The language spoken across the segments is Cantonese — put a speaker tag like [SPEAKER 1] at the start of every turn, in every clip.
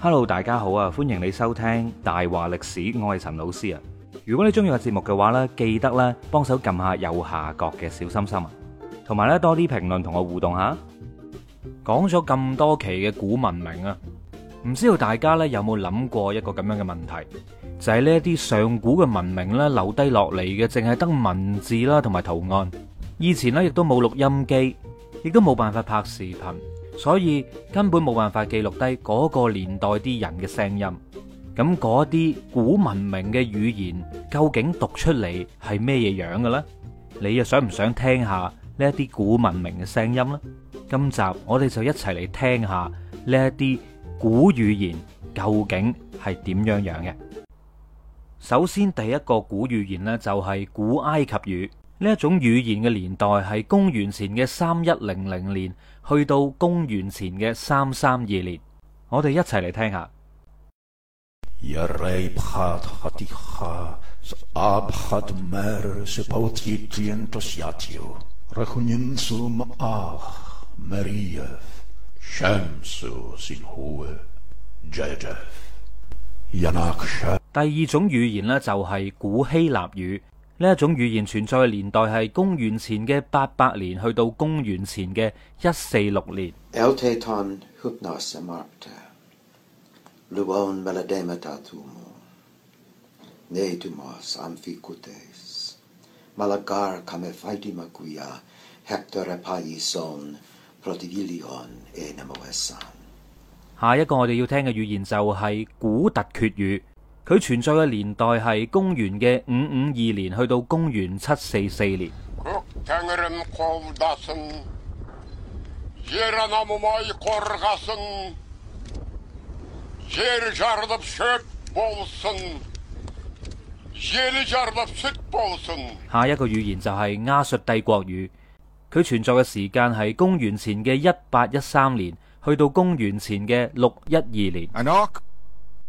[SPEAKER 1] Hello，大家好啊！歡迎你收聽大話歷史，我係陳老師啊！如果你中意個節目嘅話呢，記得咧幫手撳下右下角嘅小心心啊，同埋咧多啲評論同我互動下。講咗咁多期嘅古文明啊，唔知道大家呢有冇諗過一個咁樣嘅問題，就係呢啲上古嘅文明呢，留低落嚟嘅，淨係得文字啦，同埋圖案。以前呢，亦都冇錄音機，亦都冇辦法拍視頻。所以根本冇辦法記錄低嗰個年代啲人嘅聲音，咁嗰啲古文明嘅語言究竟讀出嚟係咩嘢樣嘅咧？你又想唔想聽下呢一啲古文明嘅聲音呢？今集我哋就一齊嚟聽下呢一啲古語言究竟係點樣樣嘅。首先，第一個古語言呢，就係古埃及語。呢一種語言嘅年代係公元前嘅三一零零年，去到公元前嘅三三二年。我哋一齊嚟聽下。第二種語言呢，就係古希臘語。呢一種語言存在嘅年代係公元前嘅八百年，去到公元前嘅一四六年。下一個我哋要聽嘅語言就係古突厥語。佢存在嘅年代係公元嘅五五二年，去到公元七四四年。下一個語言就係亞述帝國語，佢存在嘅時間係公元前嘅一八一三年，去到公元前嘅六一二年。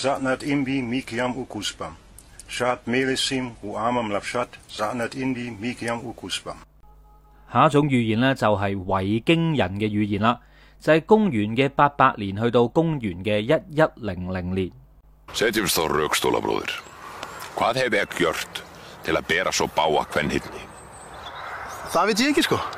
[SPEAKER 1] 那那下一種語言呢，就係維京人嘅語言啦，就係公元嘅八八年去到公元嘅一一零零年是在。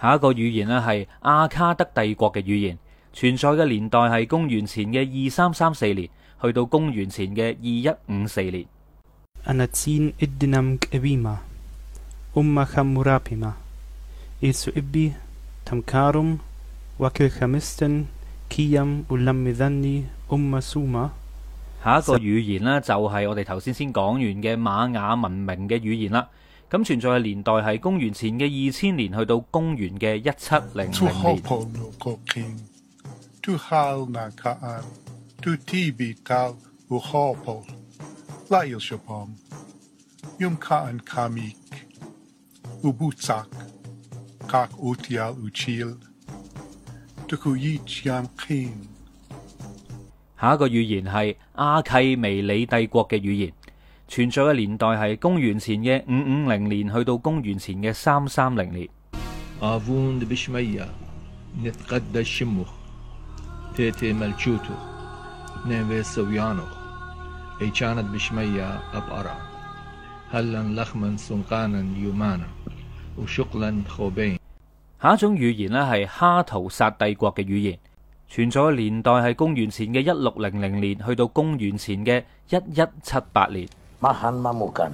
[SPEAKER 1] 下一個語言呢，係阿卡德帝國嘅語言，存在嘅年代係公元前嘅二三三四年，去到公元前嘅二一五四年。下一個語言呢，就係我哋頭先先講完嘅瑪雅文明嘅語言啦。咁存在嘅年代係公元前嘅二千年，去到公元嘅一七零零年。下一個語言係阿契美尼帝國嘅語言。存在嘅年代係公元前嘅五五零年，去到公元前嘅三三零年。下一種語言呢，係哈圖薩帝國嘅語言，存在嘅年代係公元前嘅一六零零年，去到公元前嘅一一七八年。馬漢·馬穆坎，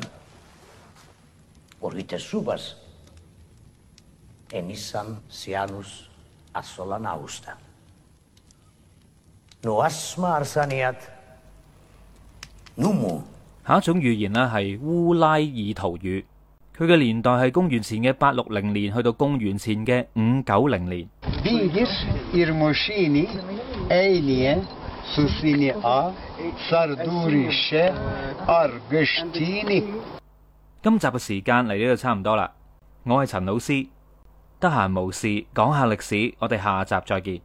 [SPEAKER 1] 公曆的上半年，是 n 月二十六日。努阿斯馬爾薩尼亞，努下一種語言呢，係烏拉爾圖語，佢嘅年代係公元前嘅八六零年，去到公元前嘅五九零年。今集嘅時間嚟到就差唔多啦，我係陳老師，得閒無事講下歷史，我哋下集再見。